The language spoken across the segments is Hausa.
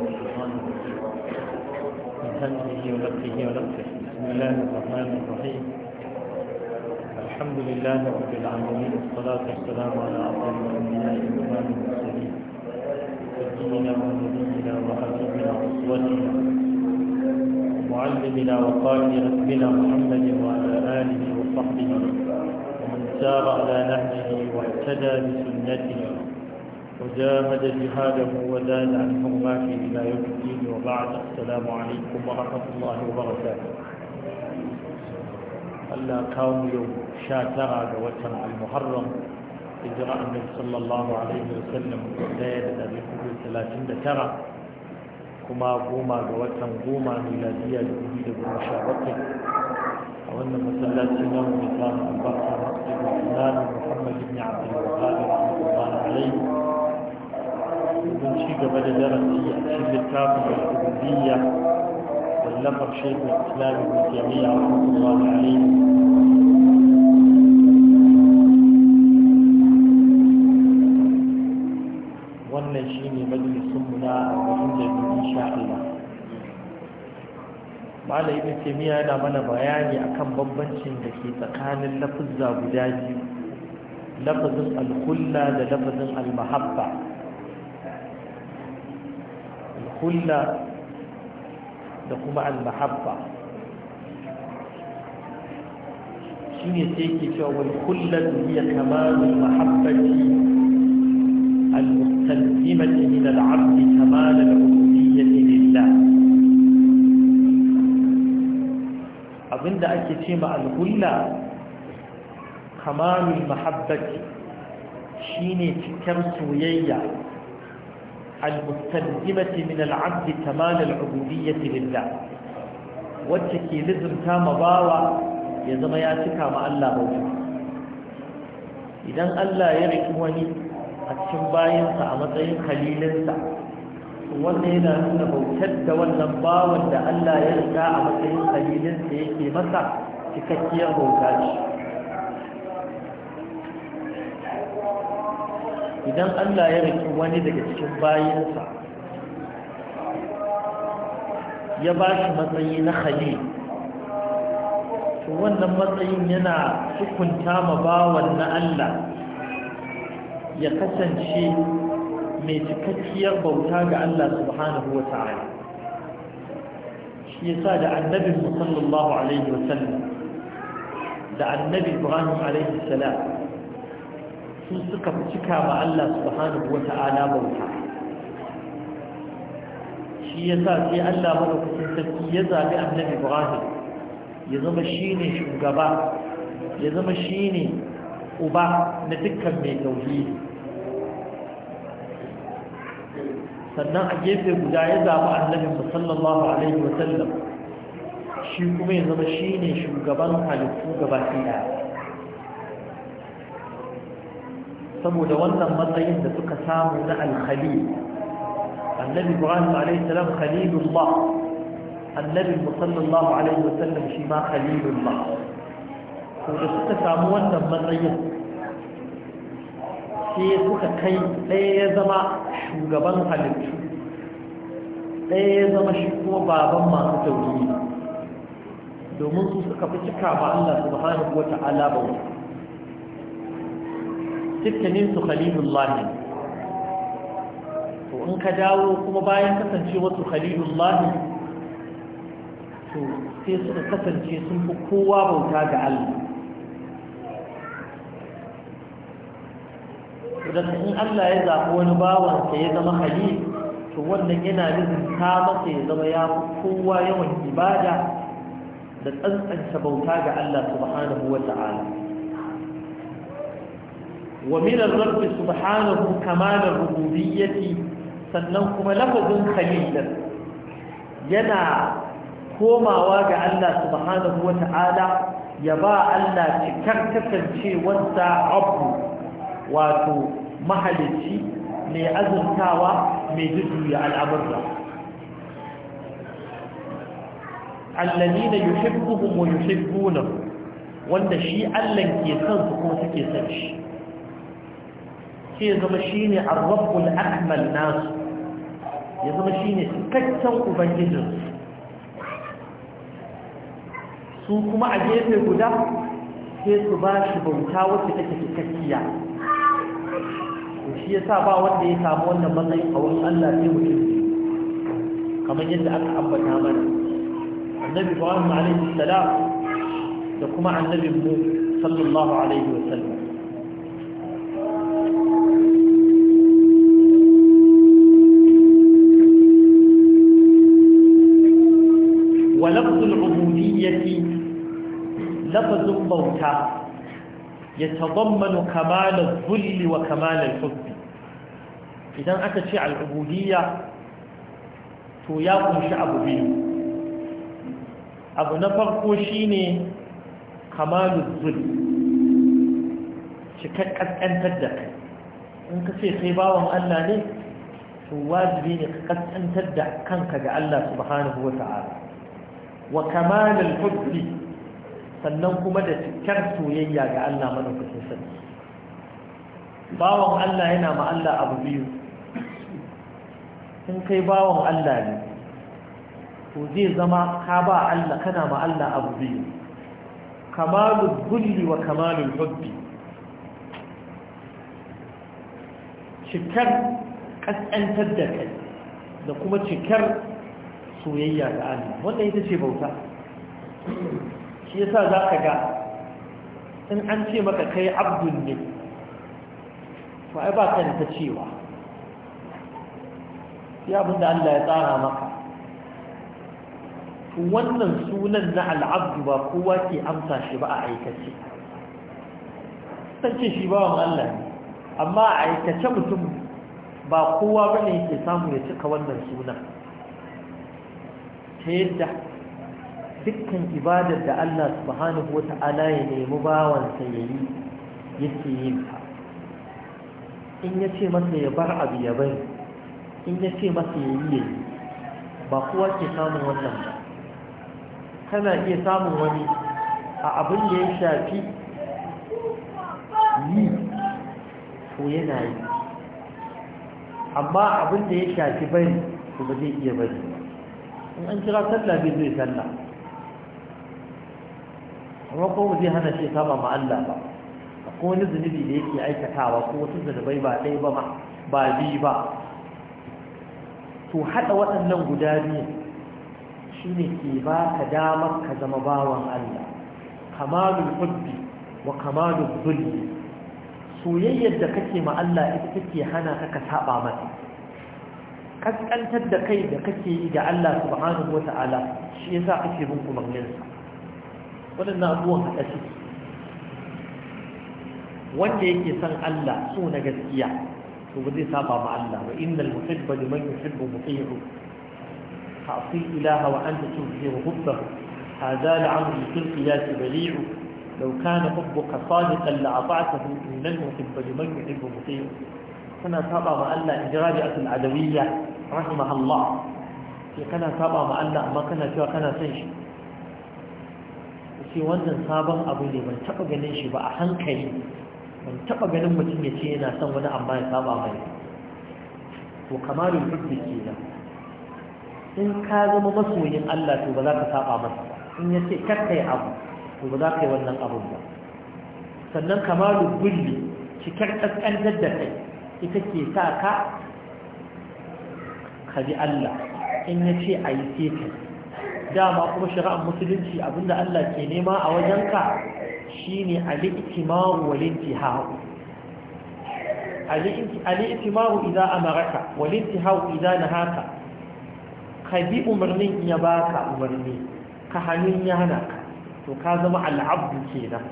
ونفسه ونفسه بسم الله الرحمن الرحيم الحمد لله رب العالمين والصلاة والسلام على أفضل الأنبياء وإمام المرسلين سيدنا ونبينا وحبيبنا وأسوتنا معلمنا وقائد ربنا محمد وعلى آله وصحبه ومن سار على نهجه واهتدى بسنته وجاهد جهاده وزاد عن حرماته إلى يوم الدين وبعد السلام عليكم ورحمة الله وبركاته ألا كاوم يوم شاترى وتم المحرم إجراء النبي صلى الله عليه وسلم وزاد كل ثلاثين ترى كما قوما وتم قوما ميلادية لأولي بمشاركه وأن مسلاتنا نوم نظام البركة محمد بن عبد الوهاب رحمه الله عليه domin ci gaba da darasi a cikin littafin al-ubudiyya wallafar shekul islam ibn taymiya rahmatullahi alayhi wannan shine majalisun mu na 42 insha Allah malai ibn taymiya yana mana bayani akan bambancin da ke tsakanin lafuzza guda biyu lafazin alkulla da lafazin al-mahabba Hulla da kuma almahabba mahabba shine sai ke cewa wani kullum ya kamanin mahabbaci al-mustalzimati min al-abdi kamanin rububiyyati lillah abinda ake ce ma al-hulla kamanin mahabbaci shine cikar soyayya المتقدمه من العبد كمال العبوديه لله wacce ke lizunta ma bawa ya zama ya cika ma Allah bauta idan Allah ya riki wani a cikin bayansa a matsayin halilinsa wanda yana nuna bautar da wannan bawan da Allah ya riga a matsayin halilinsa yake masa cikakkiyar bauta ce idan Allah ya riki wani daga cikin bayansa ya ba shi matsayi na khali to wannan matsayin yana hukunta ma bawan na Allah ya kasance mai cikakkiyar bauta ga Allah subhanahu wa ta'ala shi yasa da annabi sallallahu alaihi wa sallam da annabi Ibrahim alaihi salam su suka fi cika ma Allah subhanahu wa ta'ala bauta shi ya sa sai Allah madaukakin sarki ya zabi annabi Ibrahim ya zama shi ne shugaba ya zama shi ne uba na dukkan mai tauhidi sannan a gefe guda ya zaɓi annabin sallallahu alaihi wa sallam shi kuma ya zama shi ne shugaban halittu gaba ɗaya saboda wannan matsayin da suka samu na alkhalil annabi ibrahim alaihi salam khalilullah annabi sallallahu alaihi wasallam shi ma khalilullah ko da suka samu wannan matsayin sai suka kai ɗaya ya zama shugaban halittu ɗaya ya zama shi kuma baban masu tauri domin su suka fi cika ma Allah subhanahu wa ta'ala bauta dukkanin su khalilullahi to in ka dawo kuma bayan kasancewa su khalilullahi to sai suka kasance sun fi kowa bauta ga Allah idan in Allah ya zafi wani bawansa ya zama halil to wannan yana nufin ta masa ya zama ya fi kowa yawan ibada da tsantsanta bauta ga Allah subhanahu wa ta'ala ومن الرب سبحانه كمال الربوبيه sannan kuma lafazin khalilan yana komawa ga Allah subhanahu wata'ala ya ba Allah cikakkan cewarsa abu wato mahalicci mai azurtawa mai jujuya al'amurra allani na yushe kuhu mai yushe wanda shi allan ke san su ko suke san shi sai ya zama shi ne arwabul akmal nasu ya zama shi ne cikakken ubangijinsu su kuma a gefe guda sai su ba shi bauta wacce take cikakkiya shi ya sa ba wanda ya samu wannan matsayin a wasu Allah sai mutum kamar yadda aka ambata mana annabi Ibrahim alaihi salam da kuma annabin mu sallallahu alaihi wasallam lafazin bauta ya tazammanu kamalar zulli wa kamalar hubbi idan aka ce al'ubudiyya to ya kunshi abu biyu abu na farko shine kamalar zulli cikar ƙasƙantar da kai in ka ce kai bawan Allah ne to wajibi ne ka ƙasƙantar da kanka ga Allah subhanahu wa ta'ala wa kamalar hubbi sannan kuma da cikar soyayya ga Allah madaukakin sarki bawan Allah yana ma Allah abu biyu in kai bawan Allah ne to zai zama ka ba Allah kana ma Allah abu biyu kamalul gulli wa kamalul hubbi cikar kaskantar da kai da kuma cikar soyayya ga Allah wannan ita ce bauta shi yasa za ka ga in an ce maka kai abdul ne to ai ba ka ta cewa ya abinda Allah ya tsara maka wannan sunan na al'abdu ba kowa ke amsa shi ba a aikace ce shi wani Allah ne amma a aikace mutum ba kowa bane ke samu ya cika wannan sunan ta yadda dukkan ibadar da Allah subhanahu wata'ala ya nemi bawan ya yi yake yin ta in ya ce masa ya bar abu ya bai in ya ce masa ya yi ya yi ba kowa ke samun wannan ba kana iya samun wani a abin da ya shafi yi to yana yi amma abin da ya shafi bari to ba zai iya bari in an kira sallah bai zai sallah amma kuma zai hana shi saba ma Allah ba ko wani zunubi da yake aikatawa ko wasu zunubai ba ɗaya ba ba biyu ba to haɗa waɗannan guda biyu shi ne ke ba ka damar ka zama bawan Allah kamalul hubbi wa kamalul zulmi soyayyar da kake ma Allah ita take hana ka ka saba masa kaskantar da kai da kake yi ga Allah subhanahu wata'ala shi yasa kake bin umarninsa waɗannan abubuwan haɗa shi wanda yake son Allah so na gaskiya to ba zai saba ma Allah ba innal muhibba liman yuhibbu muti'u ta'ti ilaha wa anta tuhibbu hubbahu hadha la'amru fil qiyas bali'u law kana hubbuka sadiqan la'ata'tahu innal muhibba liman yuhibbu muti'u kana saba ma Allah injirajatul adawiyya rahimahullah sai kana saba ma Allah amma kana cewa kana son shi ce wannan sabon abu ne ban taɓa ganin shi ba a hankali ban taɓa ganin mutum ya ce yana son wani amma ya saba mai to kamalin hujji ke nan in ka zama masoyin Allah to ba za ka saba masa in ya ce yi abu to ba za ka yi wannan abun ba sannan kamalin bulli cikar ƙasƙantar da kai ita ke sa ka ka bi Allah in ya ce a yi sai dama kuma shari'ar musulunci abinda Allah ke nema a wajenka shine al-ittimaru wal intihau al-ittimaru idza amaraka wal intihau idza nahaka ka bi umarnin ya baka umarni ka hannun ya hana ka to ka zama al'abdu kenan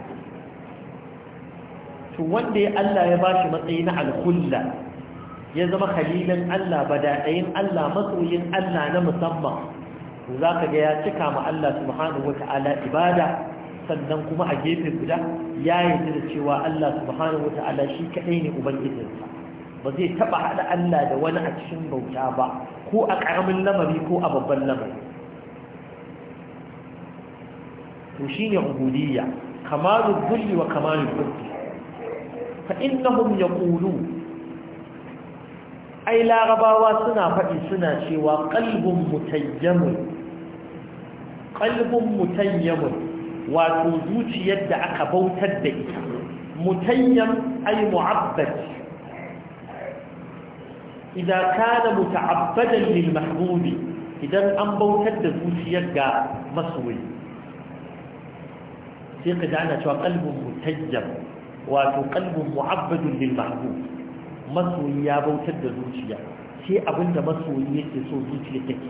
to wanda Allah ya bashi matsayi na al ya zama khalilan Allah Badaɗayin Allah matsoyin Allah na musamman to za ka ga ya cika ma Allah subhanahu wa ta'ala ibada sannan kuma a gefe guda ya yarda da cewa Allah subhanahu wa ta'ala shi kaɗai ne ubangijinsa ba zai taɓa haɗa Allah da wani a cikin bauta ba ko a ƙaramin lamari ko a babban lamari to shine ubudiyya kamalul dhulli wa kamalul qudsi fa innahum yaqulun ai larabawa suna faɗi suna cewa kalbin mutajjamun ƙalbin mutayyibun wato zuciyar da aka bautar da ita mutayyam ay mu'abbad idan kana muta'abbadan lil mahbubi idan an bautar da zuciyar ga masoyi sai ka dana cewa qalbun mutayyam wato ƙalbin mu'abbadun lil mahbub masoyi ya bautar da zuciya sai abinda masoyi yake so zuciya take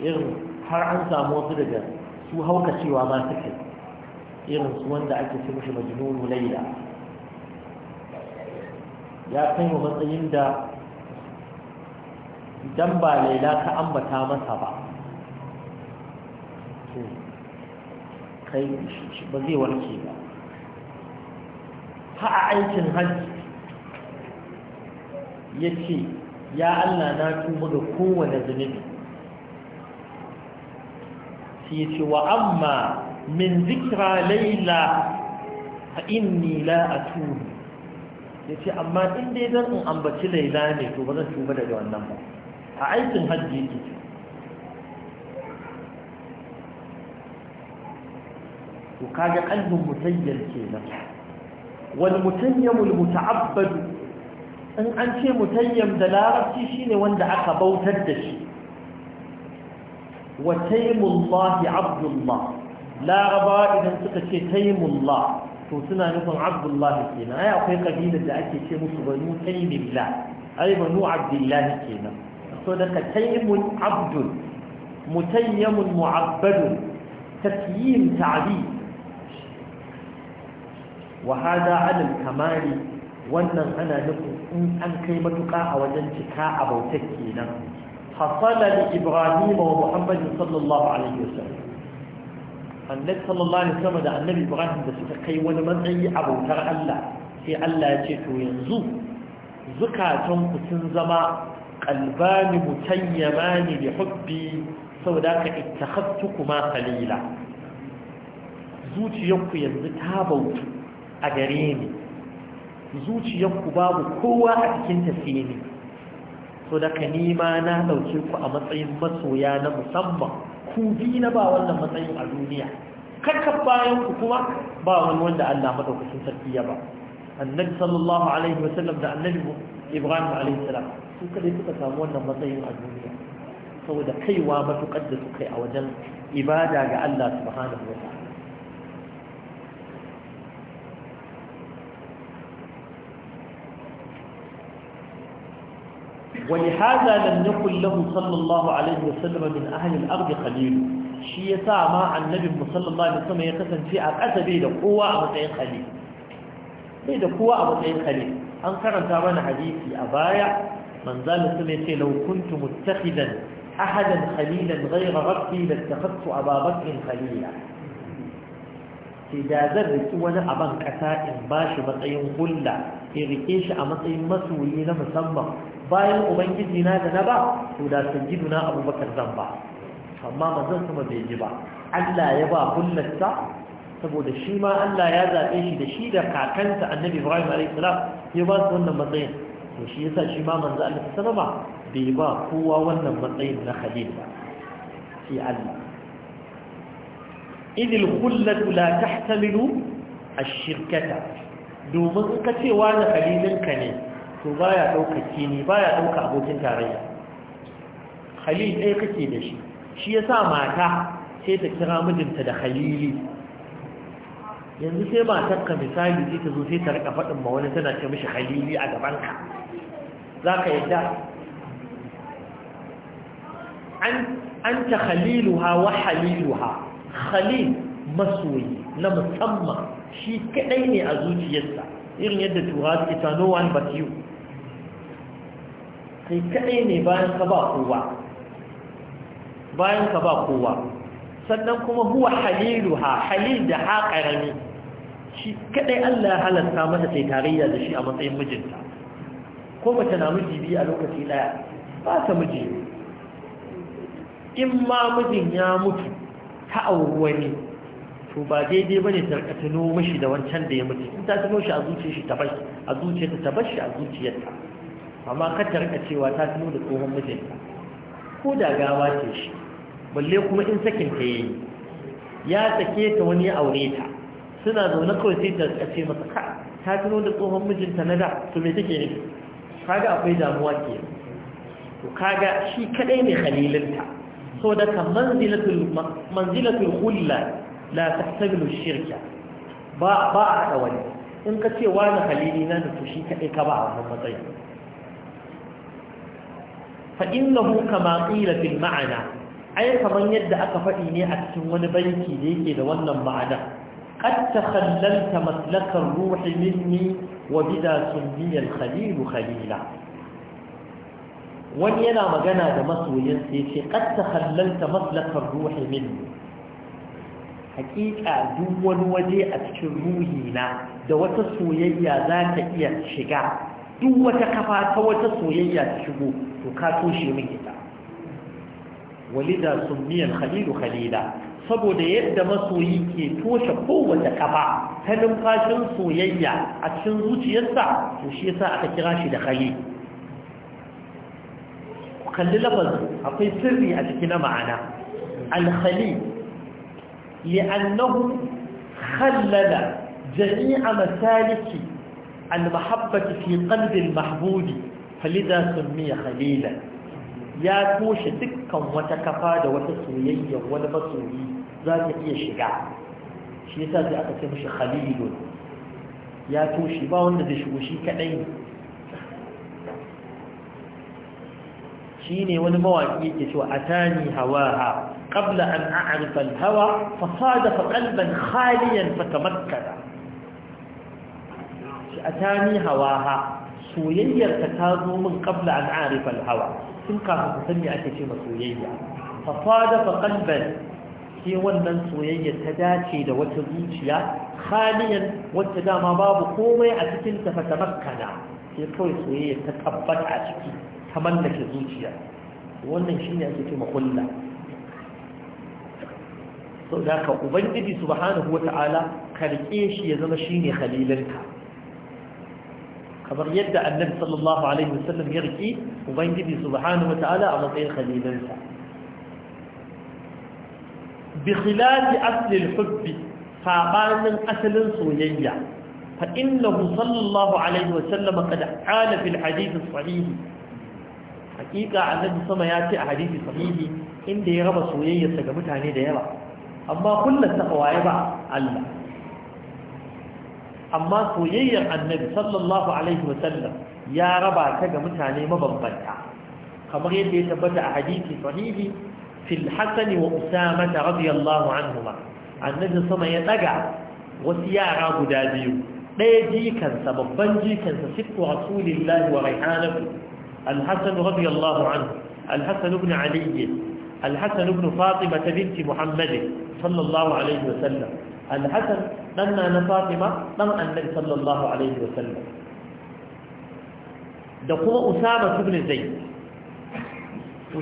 irin har an samu wasu daga su hauka cewa ma suke irin su wanda ake ce mishi majnunu laila ya kai wa matsayin da idan ba laila ka ambata masa ba kai ba zai warke ba ha a aikin hajji ya ce ya allah na tuba ga kowane zunubi sai ce wa amma min zikira laila fa inni la ya ce amma in dai zan in ambaci laila ne to ba zan tuba daga wannan ba a aikin hajji yake to kaga kalbin mutayyar kenan wal mutayyamul muta'abbadu in an ce mutayyam da larabci shine wanda aka bautar da shi wa taimullahi abdullah laraba idan suka ce taimullah to suna nufin abdullahi kenan ai akwai kabilar da ake ce musu banu taimillah ai banu abdullahi kenan to daga taimun abdul mutayyamun mu'abbadun takyim ta'bi wa hada alal kamali wannan ana nufin in an kai matuƙa a wajen cika a bautar kenan حصل لإبراهيم ومحمد صلى الله عليه وسلم النبي صلى الله عليه وسلم ده النبي إبراهيم ده ستقي ونمنعي أبو ترى الله في الله يتيتو ينزو زكاة تنزما قلبان متيمان لحبي سوداك اتخذتكما خليلا zuciyarku yanzu ta bautu a gare ni zuciyarku babu kowa a cikin tafiye ne so da nima na ɗauke ku a matsayin masoya na musamman ku bi na ba wannan matsayin a duniya kakkan bayan ku kuma ba wani wanda Allah madaukakin sarki ya ba annabi sallallahu alaihi wasallam da annabi Ibrahim alaihi salam su kada suka samu wannan matsayin a duniya saboda kaiwa matukar da suka yi a wajen ibada ga Allah subhanahu wa ta'ala ولهذا لم يكن له صلى الله عليه وسلم من أهل الأرض قليل شيء سامع النبي صلى الله عليه وسلم يكسن في أبأس بيد قوة أبطعين خليل بيد قوة أبطعين خليل أنكر أن تعمل حديثي أبايع من ذال سميتي لو كنت متخذا أحدا خليلا غير ربي لاتخذت أبا بكر خليلا sai da zan riki wani aban ƙasa in ba shi matsayin hulla in rike shi a matsayin masoyi na musamman bayan ubangiji na da na ba to da sajidu na abubakar zan ba amma manzon kuma bai ji ba Allah ya ba hullarsa saboda shi ma Allah ya zaɓe shi da shi da kakanta annabi Ibrahim alaihi ya ba su wannan matsayin to shi yasa shi ma manzo Allah sallama bai ba kowa wannan matsayin na khalil ba sai Allah إذ الخلة لا تحتمل الشركة دو منك سيوان خليل الكني تو بايا توك تيني بايا توك أبو تنتاري خليل أي قتيد شي شي ساماتا سيد اكترامد انت دا خليلي yanzu sai ba ta ka misali ji ta zo sai ta rika faɗin ba wani tana ce mishi halili a gabanka za ka yadda an ta khaliluha wa haliluha khalil masoyi na musamman shi kadai ne a zuciyarsa irin yadda tura su ita, no one but you sai kadai ne bayan ka ba kowa bayan ka ba kowa sannan kuma huwa Halilu ha, halil da ha karami shi kadai Allah ya halatta mata sai tarayya da shi a matsayin mijinta ko mace na miji biyu a lokaci daya ba ta miji in ma mijin ya mutu ta auri wani to ba daidai bane ta tuno mishi da wancan da ya mutu in ta tuno shi a zuciyar shi tabash a zuciyar ta tabash shi a zuciyarta amma ka ta rika cewa ta tuno da tsohon mijinta ko da gawa ce shi balle kuma in sakin ta yayi ya sake ta wani aure ta suna zaune kawai sai ta ce masa ka ta tuno da tsohon mijinta na da to me take ne kaga akwai damuwa ke to kaga shi kadai ne khalilinta so daga manzilatul hulla la tahtabilu shirka ba a haɗa in ka ce wani halili na da tushi kaɗai ka ba a wannan matsayi fa innahu kama qila ma'ana ai kamar yadda aka faɗi ne a cikin wani banki da yake da wannan ma'ana قد تخللت مسلك الروح مني وبذا سمي الخليل khalila. wani yana magana da masoyinsa ya ce ƙasta hallalta maslakar ruhi min hakika duk wani waje a cikin ruhi na da wata soyayya za ta iya shiga duk wata kafa ta wata soyayya ta shigo to ka toshe min ita walida summiyan khalilu khalila saboda yadda masoyi ke toshe kowace kafa ta numfashin soyayya a cikin zuciyarsa to shi yasa aka kira shi da khalil kalli lafazi akwai sirri a cikin ma'ana alkhali li'annahu khallala jami'a masaliki almahabbati fi qalbi almahbudi falidha sumiya khalilan ya toshe dukkan wata kafa da wata soyayya wani masoyi za ta iya shiga shi yasa sai aka ce mishi khalilun ya toshe ba wanda zai shigo shi kadai Shi ne wani mawaki yake cewa hawa ha, qabla an aarifan al-hawa fa ƙalban sadafa qalban khaliyan fatamakkana shi hawa ha, soyayyar ta zo min qabla an aarifan hawa sun kafin ku sani ake ce ma soyayya fa sadafa qalban sai wannan soyayya ta dace da wata zuciya khaliyan wacce dama babu komai a cikin ta fatamakkana sai kawai soyayya ta tabbata a ciki ka mallake zuciya wannan shine ake cewa kulla so da ka ubangiji subhanahu wata'ala karke shi ya zama shine khalilinka kamar yadda annabi sallallahu alaihi wasallam ya riki ubangiji subhanahu wata'ala a matsayin khalilinsa bi khilafi asli al-hubbi sabanin asalin soyayya fa innahu sallallahu alaihi wasallam qad qala fil hadith as-sahih hakika annabi sama ya ce a hadisi sahihi inda ya raba soyayyarsa ga mutane da yawa amma kullum ta kawaye ba Allah amma soyayyar annabi sallallahu alaihi wasallam ya raba ta ga mutane mabambanta kamar yadda ya tabbata a hadisi sahihi fil hasan wa usama radiyallahu anhuma annabi sama ya daga wasu yara guda biyu ɗaya jikansa babban jikansa sittu rasulillahi wa raihanatu الحسن رضي الله عنه الحسن بن علي الحسن بن فاطمة بنت محمد صلى الله عليه وسلم الحسن لما أنا فاطمة لما النبي صلى الله عليه وسلم دقوا أسامة بن زيد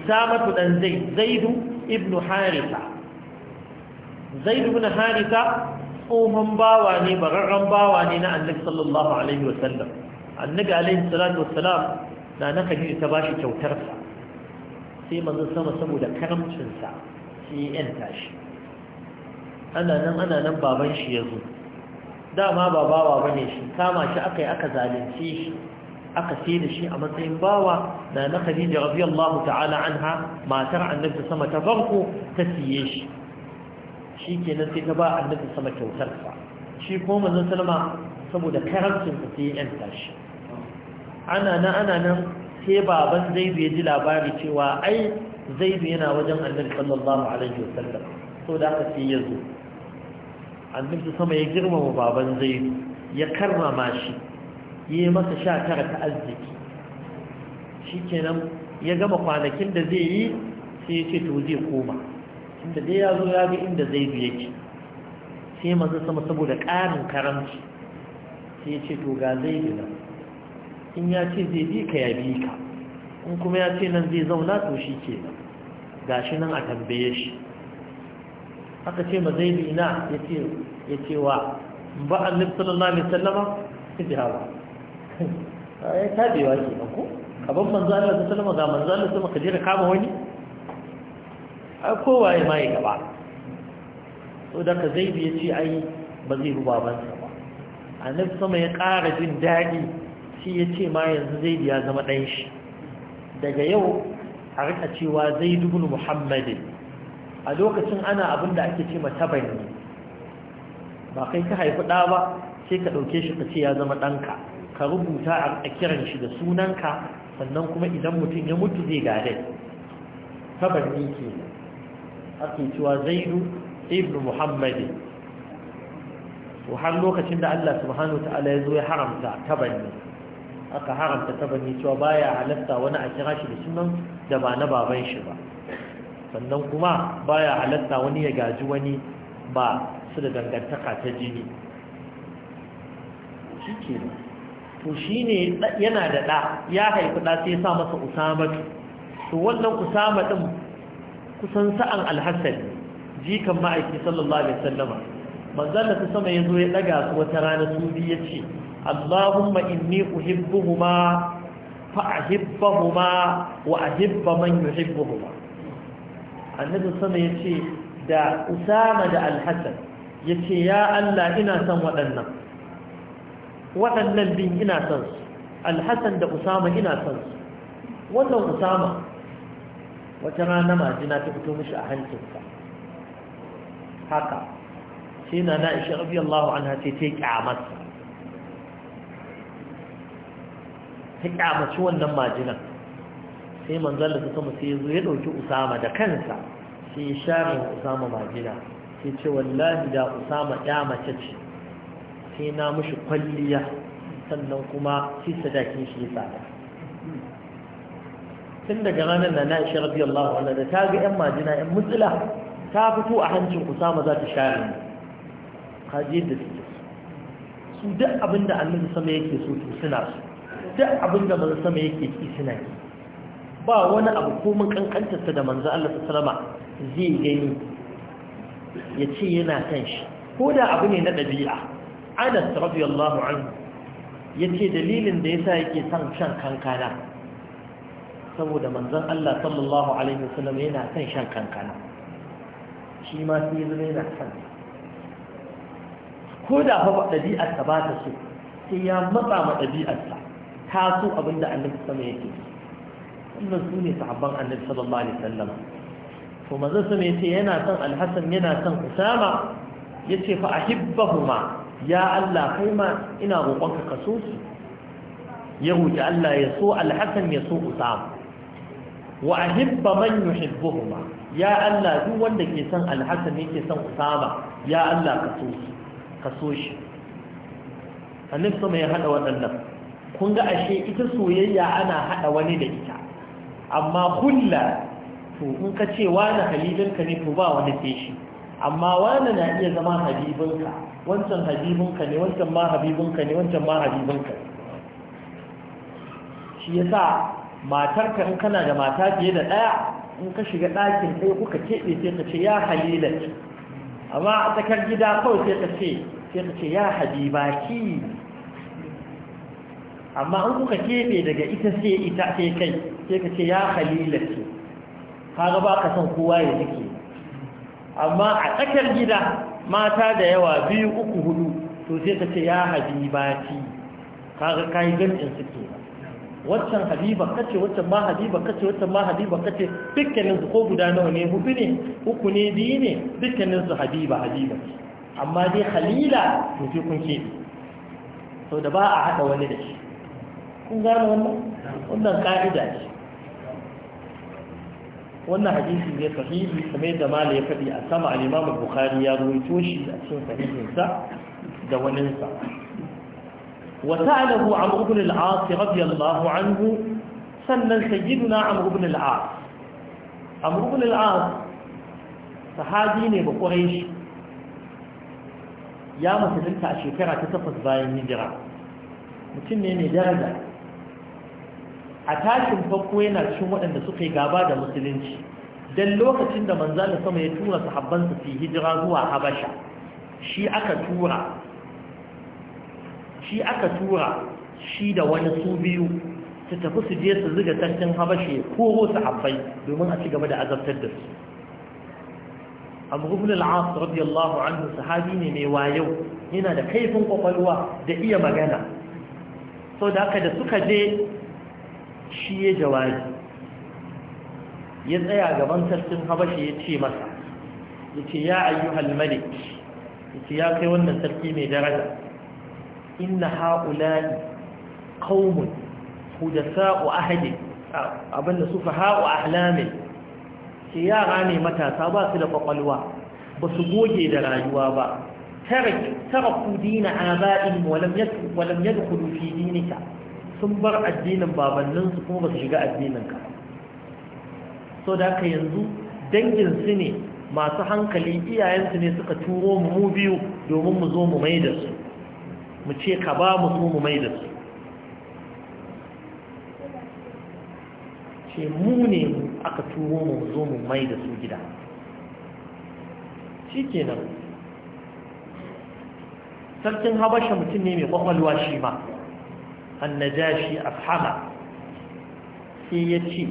أسامة بن زيد زيد ابن حارثة زيد بن حارثة tsohon باواني ne باواني bawa ne na annabi sallallahu alaihi wasallam annabi alaihi salatu na na khadija ta ba bashi kyautarsa sai manzon sama saboda karamcinsa sai ya yanta shi ana nan ana nan baban shi ya zo dama ba bawa bane shi kama shi aka yi aka zalunce shi aka sai da shi a matsayin bawa na na khadija radiyallahu ta'ala anha matar annabi sama ta farko ta siye shi shikenan sai ta ba annabi sama kyautarsa shi kuma manzon salama saboda karamcinsa sai ya yanta shi ana nan ana nan sai baban zaidu ya ji labari cewa ai zaidu yana wajen annabi sallallahu alaihi wasallam so da aka sai ya zo annabi sama ya girmama baban zaidu ya karmama shi yi masa sha tara ta arziki shikenan ya gama kwanakin da zai yi sai ya ce to zai koma inda dai ya zo ya ga inda zaidu yake sai masu sama saboda ƙarin karamci sai ya ce to ga zaibu nan in ya ce zai bi ka ya bi ka in kuma ya ce nan zai zauna to shi ke nan ga shi nan a tambaye shi aka ce ma zai bi na ya ce wa ba annab sallallahu mai sallama ta ji hawa ya tabewa ke nan ko abin manzo Allah sallama ga manzo Allah sama ka je kama wani A kowa ya yi gaba so da ka zai bi ya ce ai ba zai babansa ba annab sama ya ƙara jin daɗi shi ya ce ma yanzu zaidu ya zama ɗan shi daga yau a rika cewa zaidu bin muhammadin a lokacin ana abin da ake ce mataban ne ba kai ka haifi ɗa ba sai ka ɗauke shi ka ce ya zama ɗanka ka rubuta a kiran shi da sunanka sannan kuma idan mutum ya mutu zai gare taban ne ke ake cewa zaidu ibn muhammadin to har lokacin da Allah subhanahu wa ta'ala ya zo ya haramta tabanni aka haramta tabani cewa baya halatta wani a kira shi da sunan da ba na baban shi ba sannan kuma baya halatta wani ya gaji wani ba su da dangantaka ta jini shi to shi ne yana da ɗa ya haifi ɗa sai sa masa usama to wannan usama ɗin kusan sa'an alhassan jikan ma'aiki sallallahu alaihi sallama manzan da sama ya zo ya ɗaga su wata rana su biyu ce اللهم إني أحبهما فأحبهما وأحب من يحبهما النبي صلى الله عليه وسلم يقول دا أسامة دا الحسن يقول يا الله إنا سنوأنا وأنا بين إنا سنس الحسن دا أسامة إنا سنس وأنا أسامة وترانا ما جناتي كتومش أهل تنسى haka sai na na ishe rabi Allah an hace ta yi kyamarsa ta kyamaci wannan majinan sai manzalla su sama sai zo ya ɗauki usama da kansa sai ya share usama majina sai ce wallahi da usama ya mace ce sai na mushi kwalliya sannan kuma shi sadakin shi ya tsada tun daga ranar na na ishe rabi Allah wanda da ta ga 'yan majina 'yan mutsila ta fito a hancin usama za ta share ne kaji yadda suke su duk abinda annabi sama yake so to suna su duk abinda da manzo sama yake ki suna yi ba wani abu ko mun kankantarsa da manzo Allah sallama zai gani ya ce yana san shi ko da abu ne na ɗabi'a anas radiyallahu anhu ya ce dalilin da yasa yake son shan kankana saboda manzon Allah sallallahu alaihi wasallam yana son shan kankana shi ma sai zama yana son ko da fa ɗabi'arsa ba ta so sai ya matsa ma ɗabi'arsa taso abinda annabi sama yake wannan su ne sahabban annabi sallallahu alaihi wasallam to manzo sama yace yana son al yana son usama yace fa ahibbahuma ya Allah kai ma ina roƙonka ka so su ya roƙi Allah ya so al ya so usama wa ahibba man yuhibbuhuma ya Allah duk wanda ke son al yake son usama ya Allah kaso so su ka so shi annabi sama ya hada waɗannan kun ga ashe ita soyayya ana hada wani da ita amma kulla to in ka ce wani halilinka ne to ba wani feshi, amma wani na iya zama habibinka wancan habibinka ne wancan ma habibinka ne wancan ma habibinka shi yasa matarka in kana da mata fiye da ɗaya in ka shiga ɗakin ɗaya kuka keɓe sai ka ce ya halila amma a tsakar gida kawai sai ka ce sai ka ce ya habibaki amma an kuka keɓe daga ita sai ita sai kai sai ka ce ya halilati kaga ba ka san kowa ya jike amma a tsakar gida mata da yawa biyu uku hudu to sai ka ce ya habibati kaga kai gancin suke waccan habiba kace waccan ma habiba kace waccan ma habiba kace dukkanin su ko guda nawa ne hudu ne uku ne biyu ne dukkanin su habiba habiba amma dai halila to sai kun keɓe sau da ba a haɗa wani da shi kun gane wannan wannan ka'ida ce wannan hadisi ne sahihi kamar yadda mala ya faɗi a sama al-imam bukhari ya rawaito shi a cikin sahihinsa da waninsa wa sa'alahu amr ibn al-as radiyallahu anhu sannan sayyiduna amr ibn al-as amr ibn al-as sahabi ne ba quraishi ya musulunta a shekara ta takwas bayan hijira mutum ne mai daraja a tashin farko yana cikin waɗanda suka yi gaba da musulunci don lokacin da da sama ya tura sahabbansa su hijira zuwa habasha shi aka tura shi aka tura shi da wani su biyu su tafi su je su ziga sarkin habasha ya koro habbai domin a ci gaba da azabtar da su abu ibn al radiyallahu anhu sahabi ne mai wayo yana da kaifin kwakwalwa da iya magana sau da haka da suka je shi ya jawabi ya tsaya gaban sarkin habashi ya ce masa ya ce ya ayyuhal malik ya ce ya kai wannan sarki mai daraja inna ha'ula'i qaumun hudasa'u ahadi abinda su a ahlamin ce yara ne matasa ba su da kwakwalwa ba su goge da rayuwa ba taraku dina aba'in walam yadkhulu fi dinika sun bar addinin babanninsu kuma ba su shiga addininka so da haka yanzu danginsu ne masu hankali iyayensu ne suka turo mu biyu domin mu zo mu mai da su mu ce ka ba mu zo mu mai da su ce mu ne aka turo mu zo mu mai da su gida shi nan sarkin habasha mutum ne mai kwakwalwa shi ma annajashi afhama sai ya ce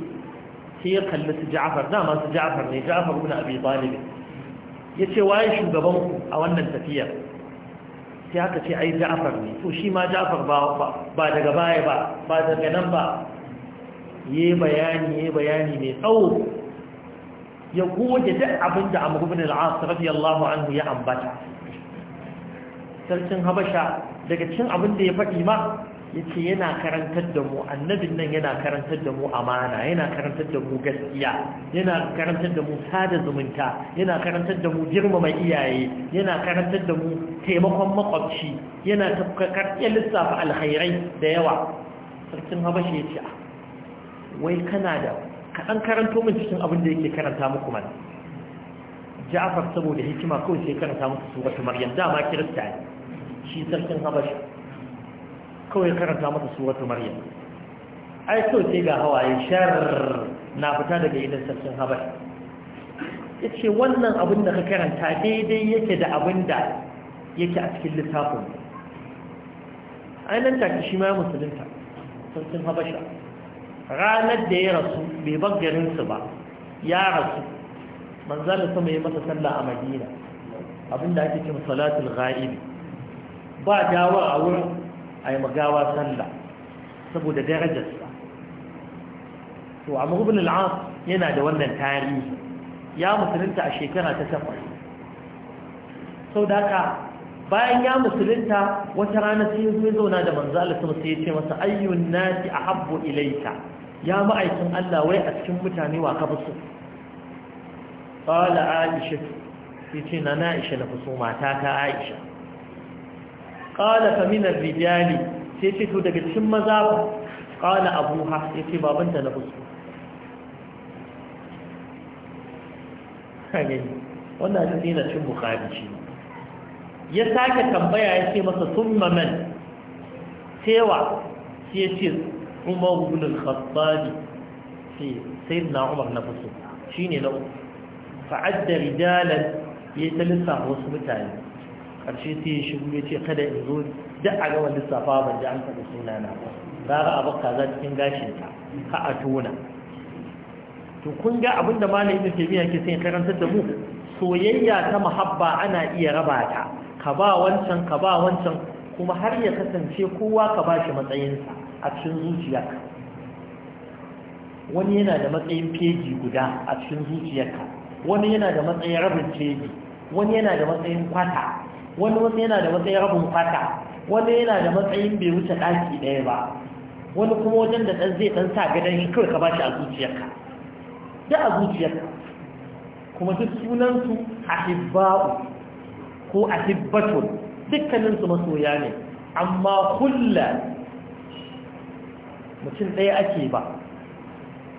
sai ya kalli su ja'afar dama su ja'afar ne ja'afar ibn abi talib ya ce waye shugaban ku a wannan tafiyar sai haka ce ai ja'afar ne to shi ma ja'afar ba daga baya ba ba daga nan ba yi bayani yi bayani mai tsawo ya goge duk abin da amur ibn al-as radiyallahu anhu ya ambata sarkin habasha daga cin abin da ya faɗi ma yace yana karantar da mu annabin nan yana karantar da mu amana yana karantar da mu gaskiya yana karantar da mu sada zumunta yana karantar da mu girmama iyaye yana karantar da mu taimakon makwabci yana tafkakar ya lissafa alkhairai da yawa sarkin habashi ya yace ah, wai kana da kaɗan karanto min cikin abin da yake karanta muku mana Ja'far saboda hikima kawai sai karanta musu suratu Maryam dama kirista ne shi sarkin habashi kawai karanta masa suratu marya. ai so sai ga hawaye shar na fita daga idan sarkin habar ya ce wannan abin da ka karanta daidai yake da abin da yake a cikin littafin ainihin take shi ma ya musulunta sarkin habasha ranar da ya rasu bai bar garinsu ba ya rasu manzana sama yi masa sallah a madina da ake cin salatul ga'ibi ba dawa a wurin a yi magawa sallah saboda darajarsa to amur ibn al'as yana da wannan tarihi ya musulunta a shekara ta takwas sau da haka bayan ya musulunta wata rana sai zai zauna da manzo sama sai ya ce masa ayyun nasi ahabbu ilaita ya ma'aikin Allah wai a cikin mutane wa ka fusu qala aisha ce na na aisha na fusu mata ta aisha ƙala faminar rijali sai ce to daga cikin maza ba ƙala abu ha ya ce babanta na fusu wannan hadisi yana cin bukari shi ya sake tambaya ya ce masa sun maman cewa sai ya ce umar gudun khattabi sai na umar na fusu shi ne na uku fa'adda rijalar ya yi ta wasu mutane karshe sai ya shigo ya ce kada in zo da a wani lissafa ban ji an suna sunana ba gara a kaza za cikin gashinta ka a tona to kun ga abin da malai ibn taymiya ke sai karantar da mu soyayya ta muhabba ana iya raba ta ka ba wancan ka ba wancan kuma har ya kasance kowa ka bashi shi matsayinsa a cikin zuciyarka wani yana da matsayin feji guda a cikin zuciyarka wani yana da matsayin rabin feji wani yana da matsayin kwata wani wasu yana da matsayin rabin fata wani yana da matsayin bai wuce ɗaki ɗaya ba wani kuma wajen da ɗan zai ɗan sa gadon yi kawai ka ba shi a zuciyarka da a zuciyarka kuma duk sunansu hibba'u ko a dukkanin dukkaninsu masoya ne amma kulla mutum ɗaya ake ba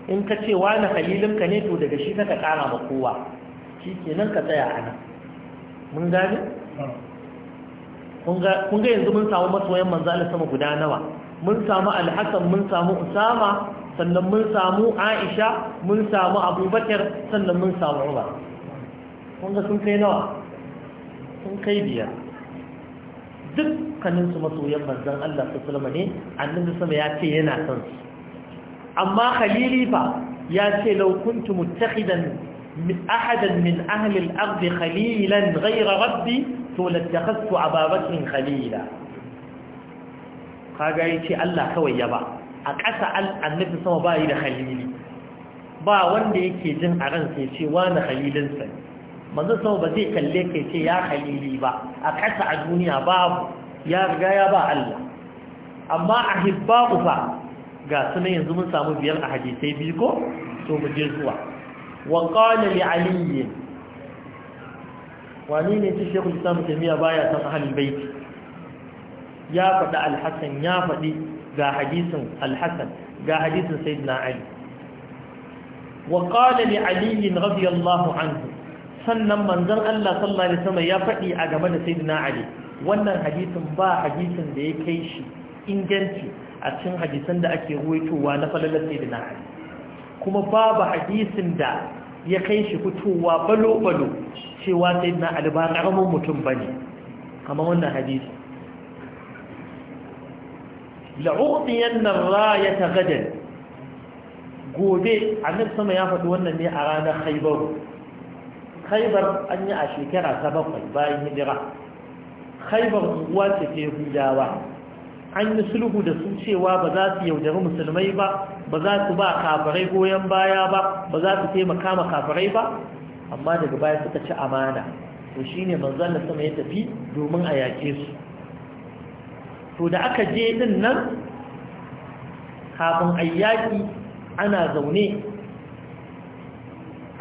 in ka ce wani halilinka ne to daga shi ka ƙara ma kowa shi kenan ka tsaya ana mun gane? Kunga yanzu mun samu masoyan manzo Allah sama guda nawa mun samu Alhassan, mun samu Usama sannan mun samu Aisha mun samu Abubakar sannan mun samu Umar Kunga sun kai nawa sun kai biyar dukkanin su masoyan manzon Allah sallallahu alaihi ne annabi sama ya ce yana son su amma khalili fa ya ce law kuntu muttakhidan min ahadan min ahli al-ard khalilan ghayra rabbi to a ababakin khalila kaga yace Allah kawai ya ba a ƙasa annabi sama ba yi da khalili ba wanda yake jin a ransa ya ce na khalilinsa manzo sama ba zai kalle ka ce ya khalili ba a ƙasa a duniya babu ya riga ya ba Allah amma a hibba'u fa ga sunan yanzu mun samu biyar a hadisai biyu ko to mu je zuwa wa qala li aliyyin ni ne ce shekul islam taimiyya baya san ahalin baiti ya faɗi alhassan ya faɗi ga hadisin alhassan ga hadisin sayyidina ali wa qala li ali radiyallahu anhu sannan manzon Allah sallallahu alaihi ya faɗi a game da sayyidina ali wannan hadisin ba hadisin da ya kai shi inganci a cikin hadisan da ake ruwaitowa na falalar sayyidina ali kuma babu hadisin da ya kai shi fitowa balo-balo cewa sai na alba ƙaramin mutum ba kamar wannan hadisi la'uɗiyan nan raya ta gadar gobe annab sama ya faɗi wannan ne a ranar haibar haibar an yi a shekara ta bakwai bayan hijira haibar unguwa ce ta yahudawa an yi sulhu da su cewa ba za su yaudari musulmai ba ba za su ba kafirai goyon baya ba ba za su taimaka ma kafirai ba amma daga baya suka ci amana to shine manzon Allah sama ya tafi domin a yake su to da aka je din nan kafin ayyaki ana zaune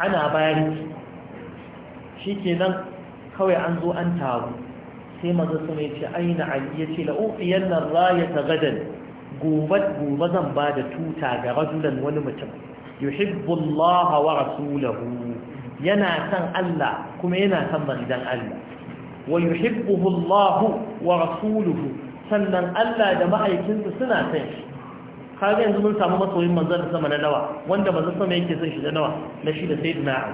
ana bayani nan kawai an zo an taru sai maza sama ya ce aina ali ya ce la'uƙiyar nan raya ta gadan gobe zan ba da tuta ga rajulan wani mutum yuhibbullah wa rasulahu yana san Allah kuma yana san manzon Allah wa yuhibbuhu Allah wa rasuluhu sannan Allah da ma'aikinsa suna san shi kaga yanzu mun samu masoyin manzon sama na nawa wanda manzon sama yake san shi da nawa na shi da sayyidina Ali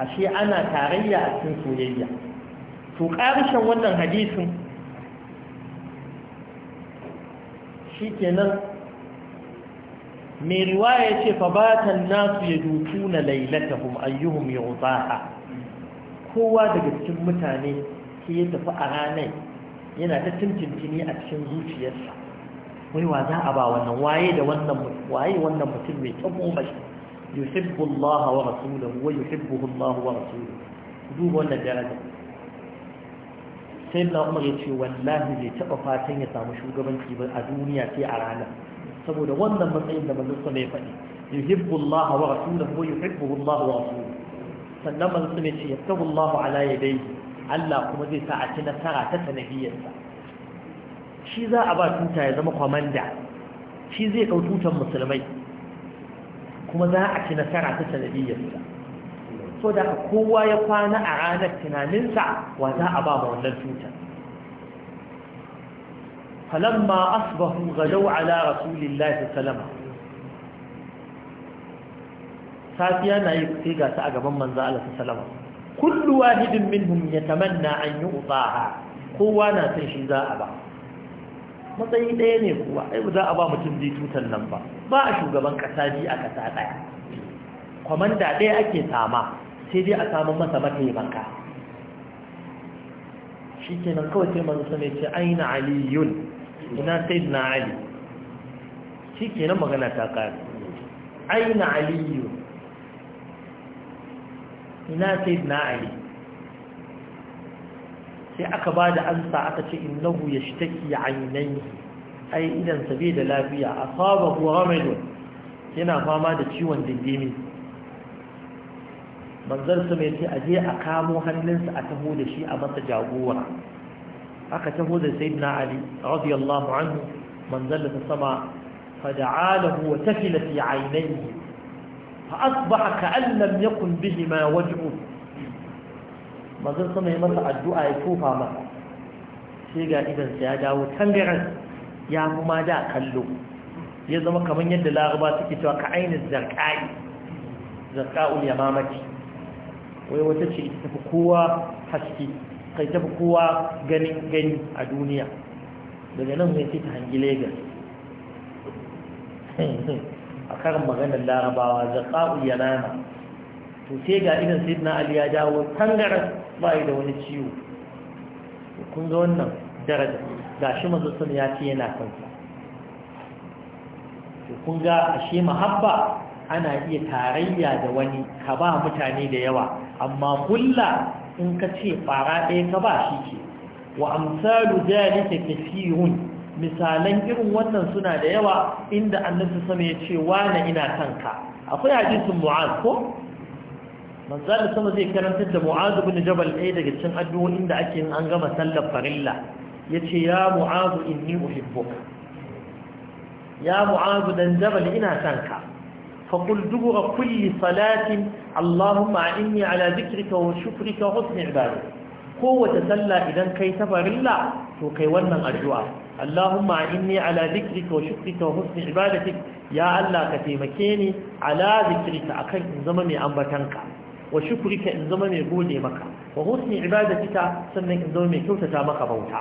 ashe ana tarayya a cikin soyayya to karshen wannan hadisin shikenan mai riwaya ya ce fabatan nasu ya dutu na kuma ayyuhun ya a? kowa daga cikin mutane ke ya tafi a ranar yana ta cincin a cikin zuciyarsa wai wa za a ba wannan waye da wannan waye wannan mutum mai tabo mai yuhibbu Allah wa rasuluhu wa yuhibbuhu Allah wa rasuluhu duba wannan daraja sai na umar ya ce wallahi bai taɓa fatan ya samu shugabanci ba a duniya sai a ranar saboda wannan matsayin da manzon mai faɗi yuhibbu Allah wa rasuluhu wa yuhibbu Allah wa rasuluhu sannan manzon sama ya ce yattabu Allah ala yadayhi Allah kuma zai sa a ci nasara ta sanadiyarsa shi za a ba tuta ya zama kwamanda shi zai ɗau tutan musulmai kuma za a ci nasara ta sanadiyarsa so da kowa ya kwana a ranar tunaninsa wa za a ba ma wannan tutan فلما أصبحوا غدوا على رسول الله صلى الله عليه وسلم ساتيا نايب تيغا سأقبا من ذا الله صلى الله عليه وسلم كل واحد منهم يتمنى أن يؤطاها قوانا تنشي ذا أبا matsayi ɗaya ne kuwa ai za a ba mutum biyu tutan nan ba ba a shugaban ƙasa biyu a ƙasa ɗaya kwamanda ɗaya ake sama sai dai a samun masa mataimaka Shikenan kawai sai manzo sai ce aina aliyun ina sai na ali shi kenan magana ta kare aina aliyu ina sai na ali sai aka ba da ansa aka ce innahu ya shitaki ainihi ai idan sabi da lafiya a saba kuwa ramadun yana fama da ciwon dindini manzar su mai ce aje a kamo hannunsa a taho da shi a masa jagora aka taho da sayyidina ali radiyallahu anhu manzon da sama fada'alahu wa tafila fi aynayhi fa asbaha ka'an lam yakun bihima wajhu manzon sama ya masa addu'a ya tofa masa sai ga idan sa ya dawo tangaran ya kuma da kallo ya zama kamar yadda laraba suke cewa ka ainihin zarka'i zarka'ul yamamaci wai wata ce ita tafi kowa haske kai tafi kowa ganin gani a duniya daga nan mai fita hangi legas a karin maganar larabawa zaka'u yanana to sai ga idan sai na ali ya dawo tangarar ba da wani ciwo kun ga wannan daraja ga shi mazutsun ya ce yana kansa kun ga ashe mahabba ana iya tarayya da wani ka ba mutane da yawa amma kulla in ka ce fara ɗaya ka ba shi ke wa amsalu zalika kathirun misalan irin wannan suna da yawa inda annabi sama ya ce na ina kanka akwai hadisin mu'az ko da sama zai karantar da mu'az ibn jabal ɗaya daga cikin addu'o'in da ake yin an gama sallar farilla yace ya mu'az inni uhibbuka ya mu'az dan jabal ina kanka fa qul dubura kulli salatin اللهم أعني على ذكرك وشكرك وحسن عبادك قوة سلة إذا كي تفر الله وكي ونن أرجوع اللهم أعني على ذكرك وشكرك وحسن عبادتك يا الله كتيمكيني على ذكرك أكيد زمني أنبتنك وشكرك إن زمني قولي مكة وحسن عبادتك سنك إن زمني كوتة مكة بوتا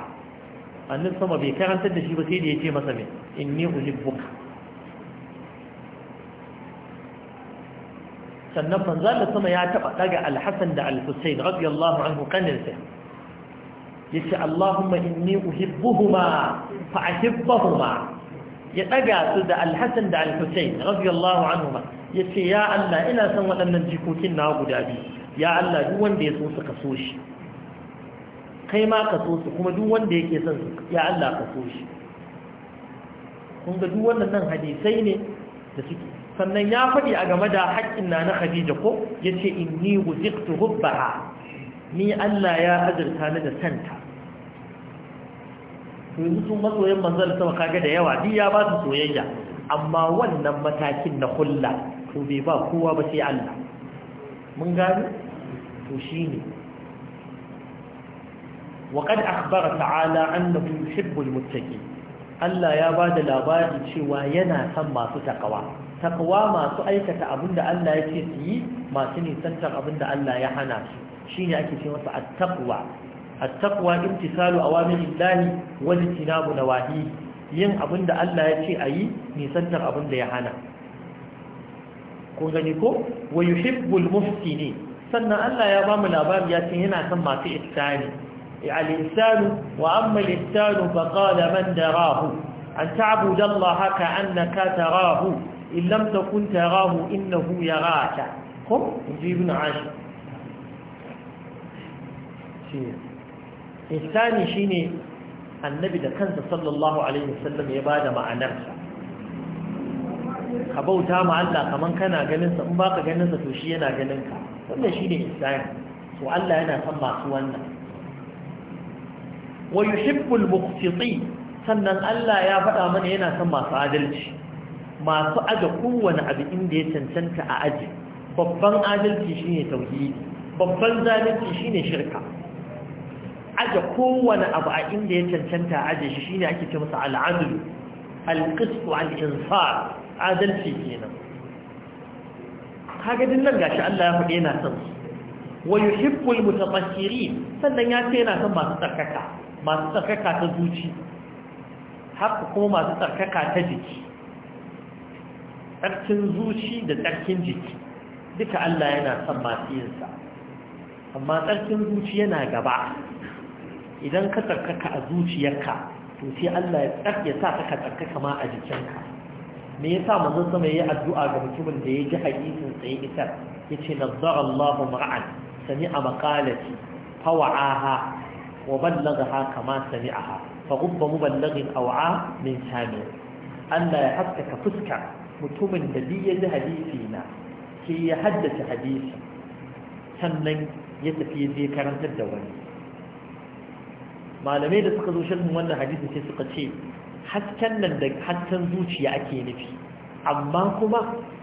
النبي صلى الله عليه وسلم بيكرا تدشي بسيدي يتي مثلا إني أجبك sannan manzan da sama ya taɓa ɗaga alhassan da alhussein radiyallahu anhu kaninsa ya ce allahumma inni uhibbuhuma fa ahibbahuma ya ɗaga su da alhassan da alhussein radiyallahu anhu ya ce ya allah ina son waɗannan jikokin na guda biyu ya allah duk wanda ya so su kaso shi kai ma kaso su kuma duk wanda yake son su ya allah kaso shi kun ga duk wannan hadisai ne da suke sannan ya faɗi a game da haƙƙin na na khadija ko ya ce inni wuziqtu hubbaha ni Allah ya azurta ni da santa to yanzu sun masoyan manzon sama kaga da yawa duk ya ba su soyayya amma wannan matakin na hulla to bai ba kowa ba sai Allah mun gano to shine وقد أخبر تعالى أنه يحب المتقين Allah ya ba da labari cewa yana son masu takawa taqwa masu aikata abin da Allah ya ce su yi masu nisantar abin da Allah ya hana su shine ake ce masa at-taqwa a taqwa imtisalu wani wa na nawahi yin abin da Allah ya ce yi nisantar abin da ya hana ko gani ko wa mufti ne. sannan Allah ya ba mu labari ya ce yana son masu ihsani al-insanu wa amma al-insanu fa qala man darahu an ta'budu Allah ka annaka tarahu in lam takun tarahu innahu yaraka ko inji ibn ashir shi ihsani shine annabi da kansa sallallahu alaihi wasallam ya bada ma'anarsa ka bauta ma Allah kaman kana ganin sa in baka ganin sa to shi yana ganin ka wannan shine ihsani to Allah yana son masu wannan wa yuhibbul muqsitin sannan Allah ya faɗa mana yana son masu adalci masu aje kowane abu inda ya cancanta a aji babban adalci shine tauhidi babban zalunci shine shirka aje kowane abu a inda ya cancanta a aji shi shine ake ce masa al'adlu al-qisṭu al-insaf adalci kenan kaga din nan gashi Allah ya faɗi yana son su wa yuhibbu al-mutatahhirin sannan ya ce yana son masu tsarkaka masu tsarkaka ta zuci haka kuma masu tsarkaka ta jiki tsarkin zuci da tsarkin jiki duka Allah yana son masu yinsa amma tsarkin zuci yana gaba idan ka tsarkaka a zuciyarka to sai Allah ya sa ka tsarkaka ma a jikinka me yasa manzon sama yayi addu'a ga mutumin da ya ji hadisin sai ita yace nazzara Allahu ma'an sami'a maqalati fawa'aha wa ballaghaha kama sami'aha fa rubba muballighin aw'a min sami Allah ya haskaka fuska mutumin da bi da hadisi na sai ya haddace hadisi sannan ya tafi ya karantar da wani malamai da suka zo shirin wannan hadisi sai suka ce hasken nan da hasken zuciya ake nufi amma kuma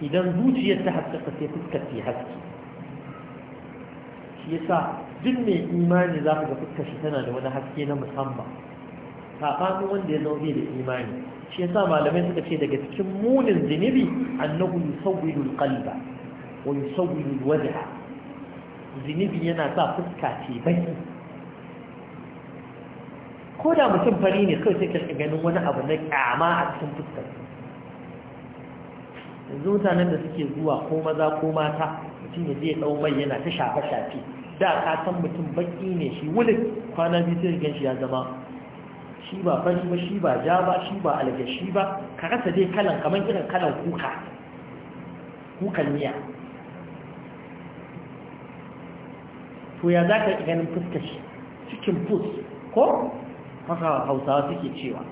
idan zuciyar ta haskaka sai fuskar ta haske shi yasa duk mai imani za ka ga fuskar shi tana da wani haske na musamman saɓanin wanda ya zama bai da imani shi yasa malamai suka ce daga cikin munin zunubi annahu yusawwidu alqalba wa yusawwidu alwajha zunubi yana sa fuska ce baki ko da mutum fari ne kai sai ka ganin wani abu na kyama a cikin fuska yanzu mutanen da suke zuwa ko maza ko mata mutum ya je dau mai yana ta shafe-shafe da ka san mutum baki ne shi wulin kwana biyu sai gan shi ya zama shi ba fari ba shi ba ja ba shi ba algashi ba ka rasa dai kalan kamar irin kalan kuka kukan miya to ya za ka ganin fuskar shi cikin fus ko haka hausawa suke cewa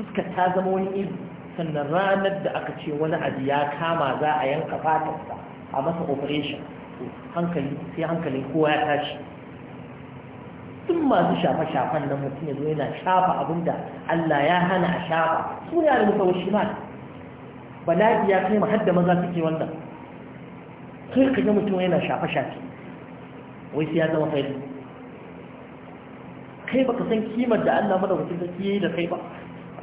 fuskar ta zama wani iri sannan ranar da aka ce wani abu ya kama za a yanka fatarsa a masa operation hankali sai hankalin kowa ya tashi duk masu shafe-shafen na mutum ya zo yana shafa abinda Allah ya hana a shafa su ne al-mutawashimat bala'i ya kai ma hadda maza suke wannan sai ka ga mutum yana shafe-shafe wai sai ya zama fari kai baka san kimar da Allah mutum sarki yayi da kai ba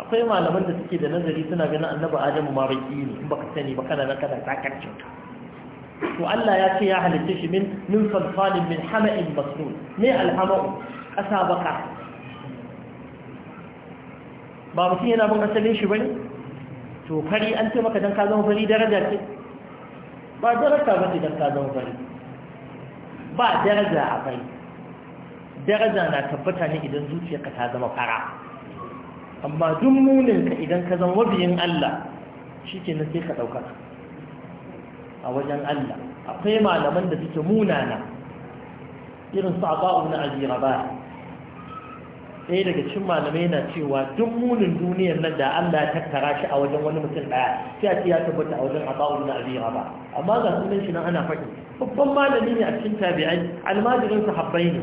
akwai malaman da suke da nazari suna ganin annabi Adamu ma baki ne in baka sani ba kana nan kana takarcin ka to Allah ya ce ya halitta shi min min salsalin min hama'in masnun ne alhama'u ƙasa baka ba mutum yana bin asalin shi bane to fari an ce maka don ka zama fari daraja ce ba daraja ba ce don ka zama fari ba daraja a fari daraja na tabbata ne idan zuciyarka ta zama fara amma duk muninka idan ka zama wabiyin Allah shi ke sai ka ɗaukaka a wajen Allah akwai malaman da suke munana irin su a ba'u na ajiyar ba ɗaya daga cikin malamai na cewa duk munin duniyar nan da Allah ya tattara shi a wajen wani mutum ɗaya sai a ce ya tabbata a wajen aba'ul na abi ba amma ga sunan shi nan ana faɗi babban malami ne a cikin tabi'ai almajirin sahabbai ne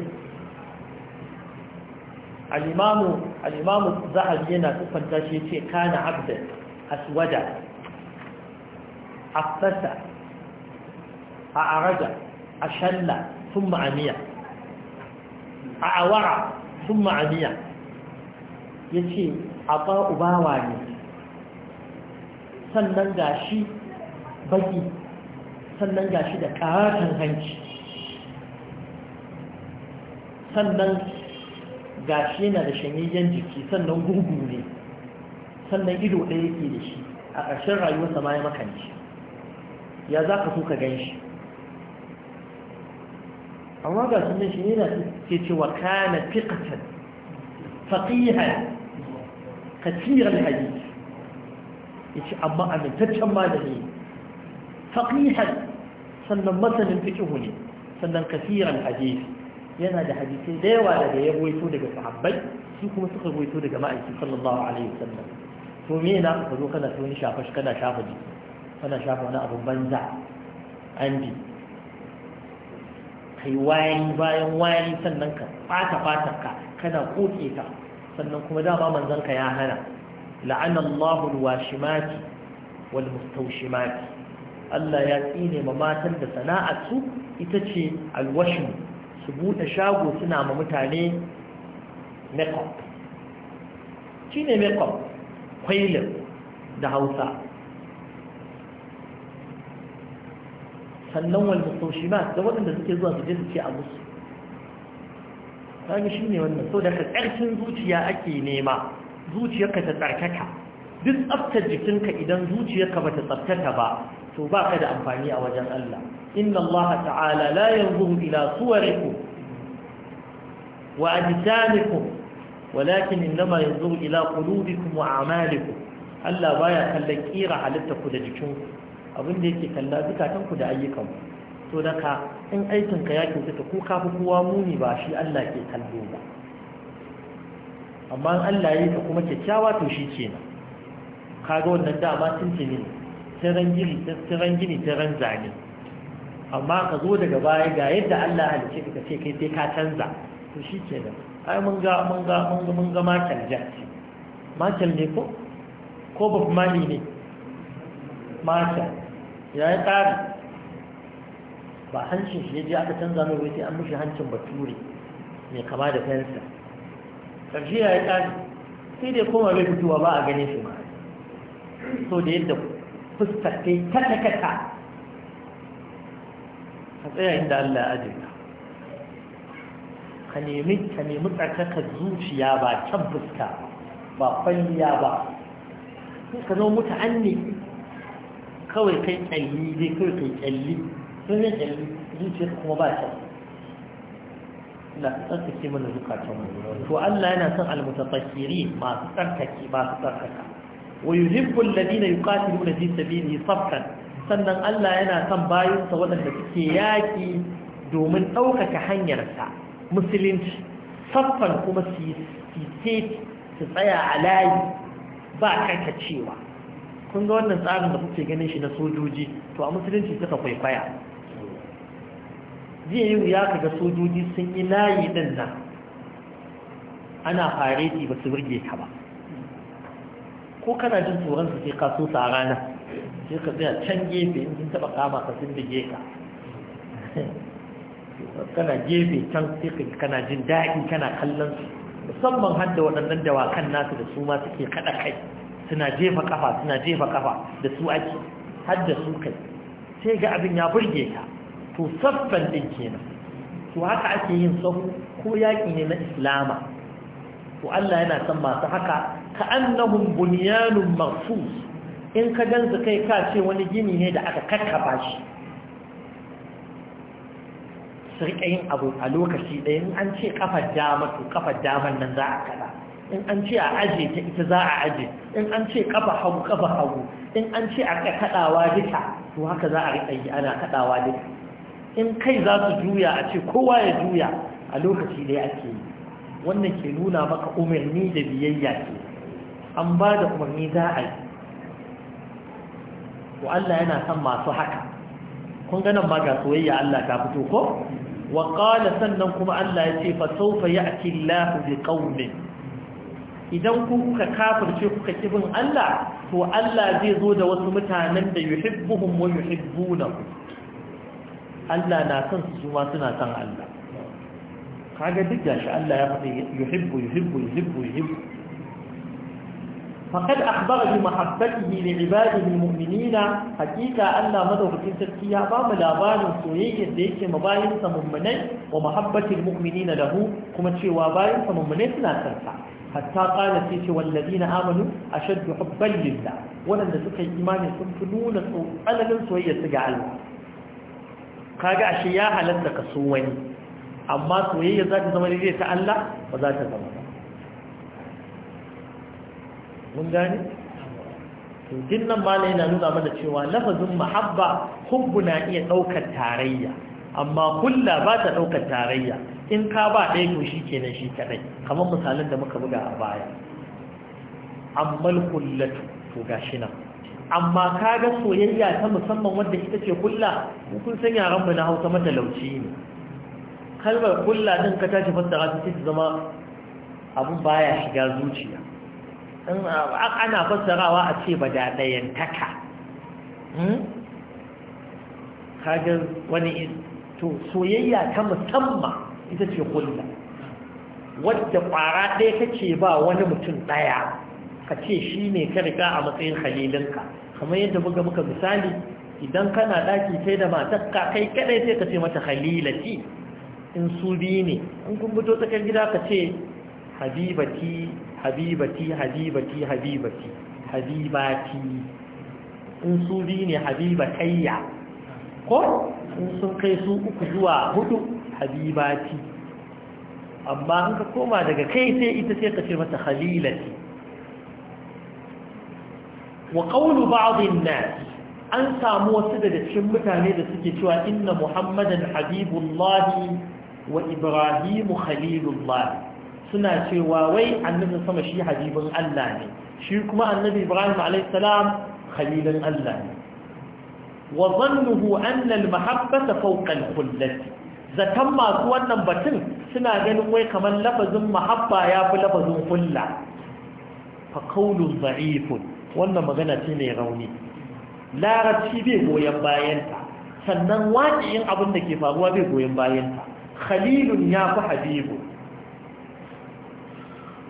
al-imamu al-imamu zahabi yana siffanta shi yace kana abdan aswada afsasa a'araja shalla thumma amiya a'awara sun ma'aniya ya ce a ubawa ne sannan ga shi baki sannan ga shi da ƙaratan hanci sannan ga shi yana da shanyayyen jiki sannan gurgu ne sannan ido ɗaya yake da shi a ƙarshen rayuwarsa ma ya makanci ya za ka so ka gan shi amma ga sunan shi yana ke cewa kana fiqatan faqihan kathir alhadith yace amma amintaccen malami faqihan sannan masanin fiqh ne sannan kathir alhadith yana da hadisai da yawa daga ya goyito daga sahabbai su kuma suka goyito daga ma'aiki sallallahu alaihi wasallam to me na ka zo kana tuni shafa kana shafa ji kana shafa wani abun banza andi. ka yi bayan wari sannan ka fata fatarka kana koke ta sannan kuma dama manzanka ya hana la'ana Allahul washimati wal mustawshimati Allah ya tsine ma matan da sana'ar su ita ce alwashin su buɗe shago suna ma mutane makeup shine makeup kwailin da Hausa sannan wal mustawshimat da waɗanda suke zuwa su je su ce a musu kaga shine wannan so da ka tsarkin zuciya ake nema zuciyarka ta tsarkaka duk tsaftar jikinka idan zuciyarka bata tsaftaka ba to baka da amfani a wajen Allah inna Allah ta'ala la yanzuru ila suwarikum wa ajsamikum walakin innama yanzuru ila qulubikum wa a'malikum Allah baya kallon kira ku da jikinku abin da yake kalla zukatanku da ayyukanku to daga in aikinka ya ta ko fi kowa muni ba shi Allah ke kallo ba amma in Allah ya ka kuma kyakkyawa to shi ke Ka kaga wannan dama tuntuni ne tiran gini tiran gini ran zane amma ka zo daga baya ga yadda Allah halice ka ce kai sai ka canza to shi ke da, ai mun ga mun ga mun ga mun ga makal jatti makal ne ko ko babu mali ne makal ya yi tsari ba hancin shi ya aka canza mai wai sai an mushi hancin baturi mai kama da fensa ƙarshe ya yi tsari sai dai koma bai fitowa ba a gane shi ma so da yadda fuskar ta yi kata-kata ka tsaya inda Allah ya ajiye ka nemi ka nemi tsarkakar zuciya ba can fuska ba kwalliya ba sai ka zo mutu an ne kawai kai kyalli dai kawai kai kyalli sun zai kyalli zuciya kuma ba ta na tsarkake mana zukatan mu to Allah yana son almutatakkiri masu tsarkake masu tsarkaka wa yuhibbu alladhina yuqatiluna fi sabilihi saffan sannan Allah yana son bayinsa waɗanda suke yaki domin ɗaukaka hanyarsa musulunci saffan kuma su yi su tsaya a layi ba karkacewa kun ga wannan tsarin da kuke ganin shi na sojoji to a musulunci suka kwaikwaya jiya yi ya kaga sojoji sun yi layi ɗin nan ana fareti ba su birge ka ba ko kana jin tsoron su sai kaso su a rana sai ka tsaya can gefe in sun taɓa kama ka sun bige ka kana gefe can sai ka kana jin daɗi kana kallon su musamman hadda waɗannan dawakan nasu da su ma suke kaɗa kai suna jefa kafa suna jefa kafa da su ake har su kai sai ga abin ya burge ka to saffan din kenan to haka ake yin sahu ko yaƙi ne na islama to Allah yana son masu haka ka annahum bunyanun mafus in ka gansu kai ka ce wani gini ne da aka kakkafa shi su riƙa yin abu a lokaci ɗaya in an ce kafar dama to kafar daman nan za a kada in an ce a aje ta ita za a aje in an ce kafa hagu kafa hagu in an ce aka kaɗawa duka to haka za a riƙa yi ana kaɗawa duka in kai za su juya a ce kowa ya juya a lokaci da ake yi wannan ke nuna maka umarni da biyayya ke an ba da umarni za a yi Wa Allah yana son masu haka kun ganin ma ga soyayya Allah ta fito ko wa qala sannan kuma Allah ya ce fa sawfa ya'ti Allahu bi qaumin idan kuka kafirce kuka kibin Allah to Allah zai zo da wasu mutanen da yuhibbuhum wa yuhibbunahu Allah na son su kuma suna son Allah kaga duk shi Allah ya faɗi yuhibbu yuhibbu yuhibbu yuhibbu فقد أخبر بمحبته لعباده المؤمنين حقيقة أن مدوكين تركيا بام لابان سوية ديك مباين سممنين ومحبة المؤمنين له كما تشي واباين سممنين لا تركع حتى قال سيتي والذين آمنوا أشد حبا لله ولن تسكي إيمان سنفنون أنا من سوية سجعل كاقع شياها لن تكسوني أما سوية ذات زمن ليس ألا وذات زمن mun gane to dinnan malai yana nuna mana cewa lafazin mahabba hubbu na iya daukar tarayya amma kulla ba ta daukar tarayya in ka ba ɗaya to shi kenan shi kaɗai kamar misalin da muka buga a baya ammal kullatu to gashi nan amma ka ga soyayya ta musamman wadda ita ce kulla kun san yaran mu na Hausa mata lauci ne kalmar kulla din ka tashi fassara ta zama abun baya shiga zuciya ana fassarawa a ce ba daɗayen taka hmm? wani to soyayya ta musamman ita ce hulɗa wadda ƙwara ɗaya kake ba wani mutum ɗaya ka ce shi ne ka riga a matsayin halilinka kamar yadda buga muka misali idan kana ɗaki sai da ka kai kaɗai sai ka ce mata halilati in su biyu ne in kun fito tsakar gida ka ce habibati habibati habibati habibati habibati in su bi ne habibatayya ko in sun kai su uku zuwa hudu habibati amma in ka koma daga kai sai ita sai ka ce mata khalilati wa qawlu ba'd an-nas an samu wasu daga cikin mutane da suke cewa inna muhammadan habibullahi wa ibrahimu khalilullahi suna cewa wai annabin sama shi habibin Allah ne shi kuma annabi Ibrahim A.S. salam Allah ne wa zannuhu anna al-mahabbata fawqa kullati masu wannan batun suna ganin wai kamar lafazin mahabba ya fi lafazin kulla fa qawlun za'ifun. wannan magana ce mai rauni larabci bai goyon bayanta sannan waƙiyin abin da ke faruwa bai goyon bayanta khalilun ya fi habibu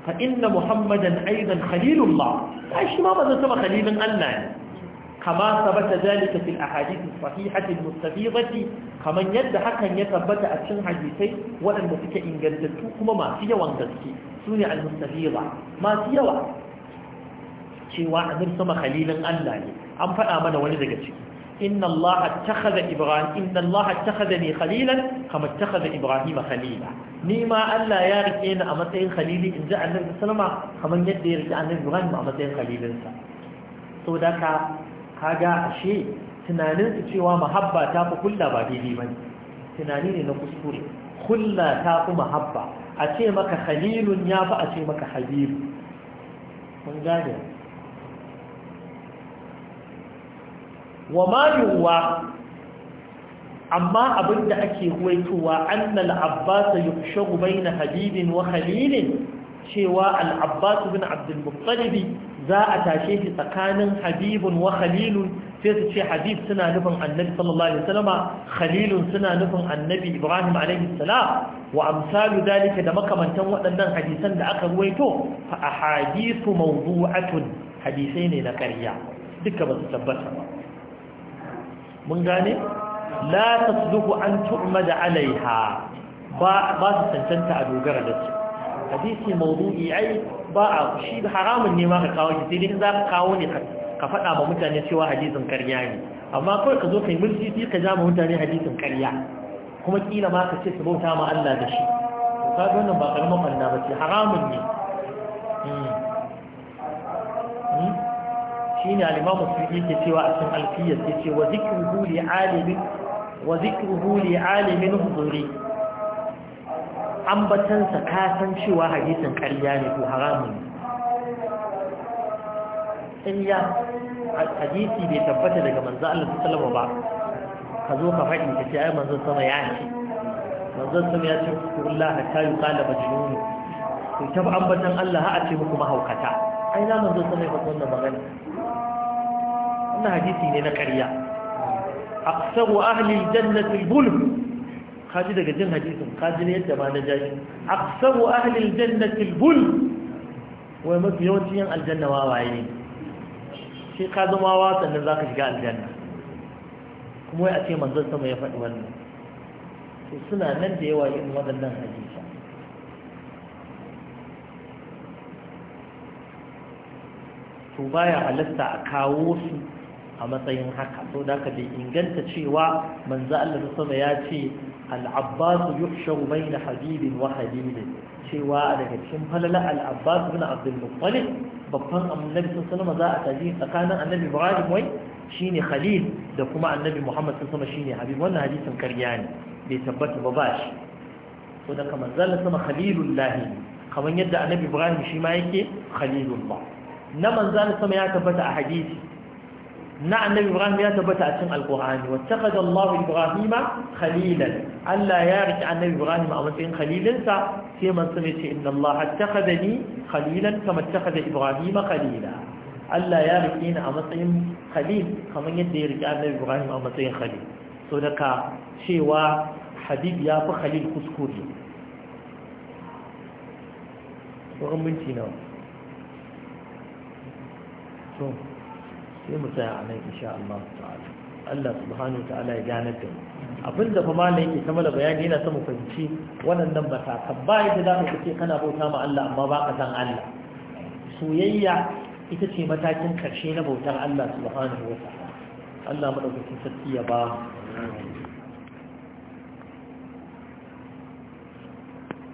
فإن محمدا أيضا خليل الله فأيش ما ماذا سمى خليل الله كما ثبت ذلك في الأحاديث الصحيحة المستفيضة كما يد حقا يثبت أتشن حديثي وأن بسك إن جلدتوكما ما سيوا انجلتي سنع المستفيضة ما سيوا شواء نرسم خليلا الله أم فأمن ولدك شيء inna Allah takhaza ibrahim inna Allah takhazani khalilan kama takhaza ibrahim khalila nima Allah ya rike ni a matsayin khalili in ji annabi sallama kaman yadda ya rike annabi ibrahim a matsayin khalilin so da ka kaga ashe tunanin su cewa mahabba ta fi kulla ba daidai ba ne tunani ne na kuskure kulla ta fi mahabba a maka khalilun ya fi a maka habibu kun gane wa ma yuwa amma abinda ake huwaitowa annal abbas yukshagu na habibin wa cewa al bin ibn abdul za a tashe shi tsakanin habibun wa khalilun sai su ce habib suna nufin annabi sallallahu alaihi wasallama suna nufin annabi ibrahim alaihi salam wa amsalu dalika da makamantan waɗannan hadisan da aka ruwaito fa ahadithu mawdu'atun hadisai ne na ƙarya duka ba su tabbata ba mun gane la tasduqu an tu'mada alaiha ba ba su tantanta a dogara da su hadisi mawdu'i ai ba a shi haramun ne ma ka kawo shi sai dai za ka kawo ne ka faɗa ma mutane cewa hadisin karya ne amma kawai ka zo kai mulki sai ka ja ma mutane hadisin karya kuma kila ma ka ce su bauta ma Allah da shi to kaga wannan ba karamar banda ba ce haramun ne shine al-imam sufi ke cewa a cikin alfiyar ke ce wa zikruhu li alimin wa zikruhu li alimin huduri ambatansa ka san cewa hadisin ƙarya ne ko haramun in ya hadisi bai tabbata daga manzo Allah sallallahu ba ka zo ka faɗi ka ce ai manzo sama ya ce manzo sama ya ce kullaha ta yi qala majnun ku ta ambatan Allah ha a ce muku mahaukata ai na manzo sama ya faɗi wannan magana wannan hadisi ne na ƙarya aksaru ahli jannati bulm kaji daga jin hadisin kaji ne yadda ma na wai mafi yawancin aljanna ka zama wa sannan za ka shiga aljanna kuma wai a ce sama ya faɗi wannan suna nan da yawa yin waɗannan hadisa baya halatta a kawo su a matsayin haka so da ka bai inganta cewa manza Allah da sama ya ce al-abbas yuhsharu bayna habibin wa habibin cewa daga cikin falala al na ibn abdul muttalib babban annabi sun alaihi wasallam za a taji tsakanin annabi ibrahim wai shine khalil da kuma annabi muhammad sun sama shine habib wannan hadisin karya ne bai tabbata ba ba shi so da manza zalla sama khalilullahi kamar yadda annabi ibrahim shi ma yake ba. na manza manzo sama ya tabbata a hadisi na annabi ibrahim ya tabbata a cikin alkur'ani wattakhadha allah ibrahima khalilan allah ya rike annabi ibrahim a matsayin khalilinsa sai manzo ne ce inna allah attakhadani khalilan kama attakhadha ibrahima khalila allah ya rike ni a matsayin khalil kaman yadda ya rike annabi ibrahim a matsayin khalil so daga cewa habib ya fi khalil kuskure wurin minti nawa sai mu tsaya a nan insha Allah ta'ala Allah subhanahu wa ta'ala ya gane da mu abin da kuma ne yake kamar bayani yana mu fahimci waɗannan matakan ba yadda da ka ce kana bauta ma Allah amma ba ka san Allah soyayya ita ce matakin karshe na bautar Allah subhanahu wa ta'ala Allah madaukakin sarki ya ba